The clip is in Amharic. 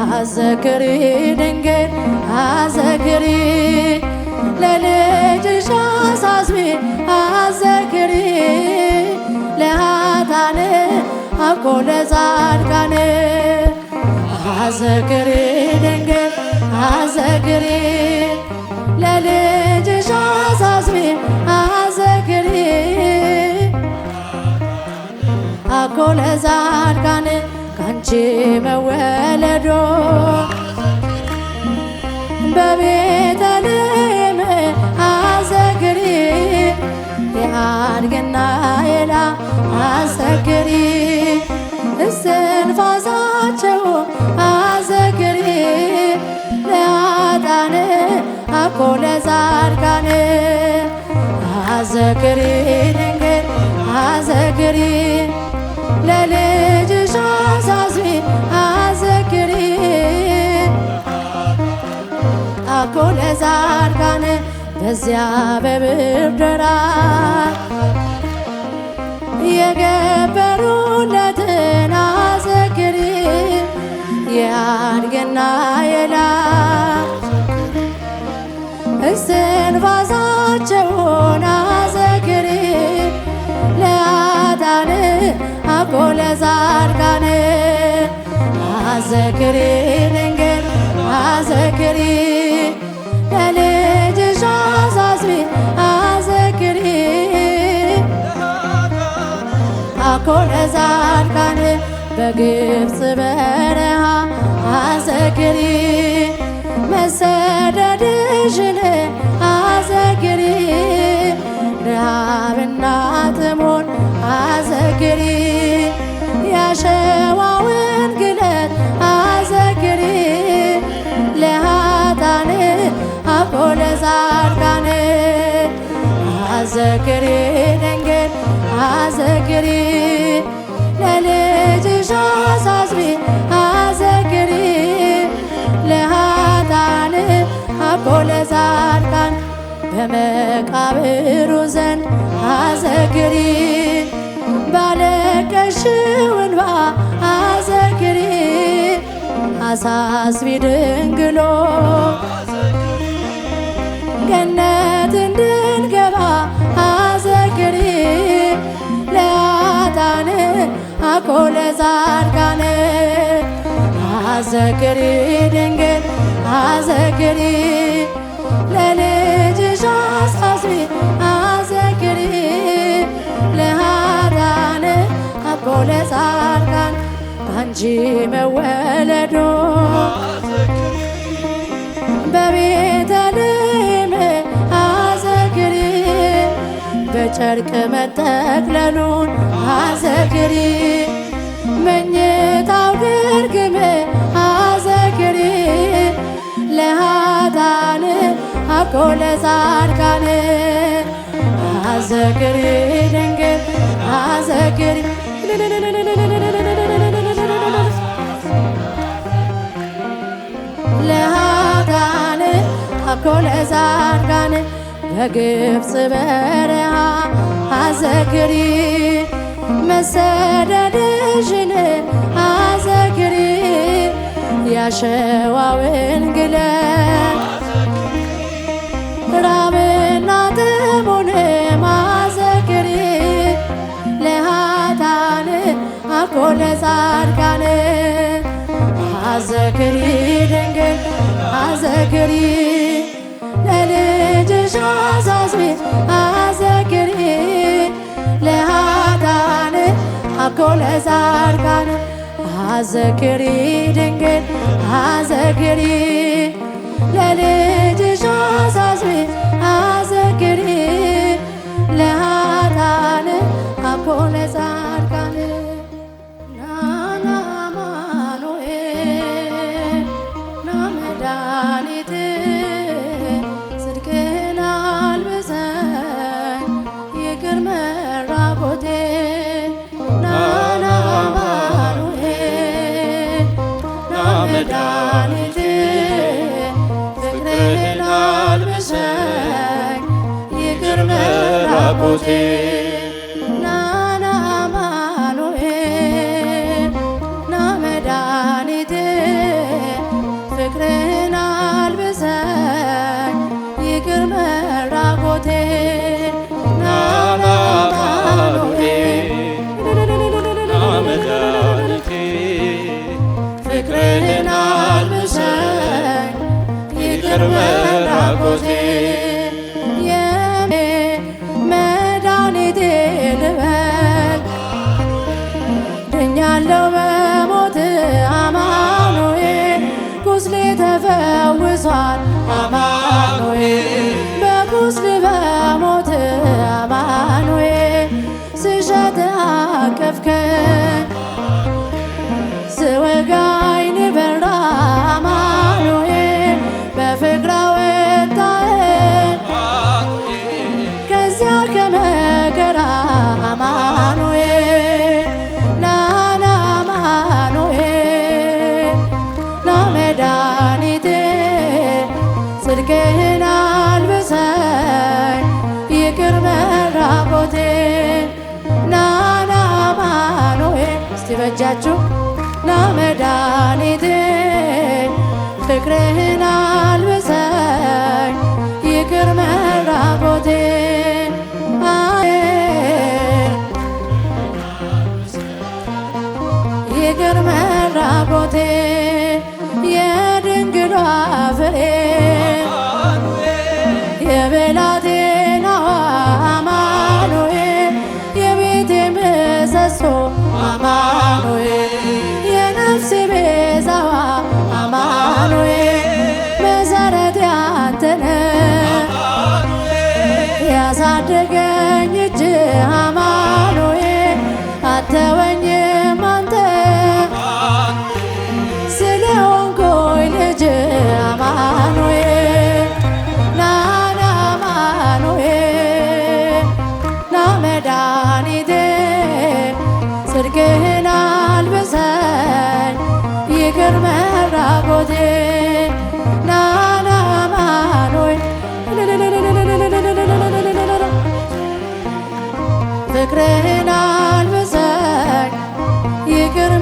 አዘክሪ ድንግል አዘክሪ ለልጅሽ አሳስቢ አዘክሪ ለሃታን አብቆ ለጻድቃን አዘክሪ ድንግል አዘክሪ ለልጅሽ አሳስቢ አዘክሪ አኮ ለጻድቃን ከአንቺ መወለዶ በቤተልሔም አዘግሪ የአድግና የላ አዘግሪ እስትንፋሳቸው አዘግሪ ለአጣን አኮ ለጻድቃን አዘግሪ ድንግል አዘግሪ በዚያ በብርደራ የገበሩለትን አዘክር የአድግና የላ እስትንፋሳቸውን አዘክር ለአጣን አቦ ለጻድቃን አዘክሪ ልንገር አዘክሪ ኮነ ጻድቃን በግብፅ በረሃ አዘግሪ መሰደድሽን አዘግሪ ረሃብና ጥሞን አዘግሪ ያሸዋውን ግለት አዘግሪ ለሃጣን አኮ ለጻድቃን አዘግሪ ድንግል አዘግሪ ተሳሳዝቤ አዘግሬ ለሃጣን አቦ በመቃብሩ ዘንድ አዘግሪ ባለቀሽው እንባ አሳስቢ ድንግሎ ገነት እንድ ኮለ ጻድቃነ አዘክሪ ድንግል አዘክሪ ለልጅሽ አሳስቢ አዘክሪ ለሃዳነ አኮለ ጻድቃን አንቺ መወለዶ በቤ ጨርቅ መጠቅለሉን አዘክሪ መኝታው ግርግም አዘክሪ ለሃጣን አኮ ለጻድቃን አዘክሪ ድንግል አዘክሪ ለሃጣን አኮ ለጻድቃን በግብፅ በረሃ አዘግሪ መሰደድሽን አዘግሪ ያሸዋውን ግለት ራብና ጥሙን ማዘክሪ ለሃታን አኮ ለጻድቃን ድንግል ነሻ አዛዝሜ አዘግሬ ለሃጣን አኮ ለጻድቃን አዘግሪ ድንግል አዘግሪ ለልጅሽ አዛዝሜ አዘግሪ ለሃጣን አኮ ለጻ 아버지 እግዚአብሔር ከነገራ አማኑኤል ናና አማኑኤል እስቲ በጃችሁ ና መድኃኒቴ ፍቅርን አልበዛኝ ይቅር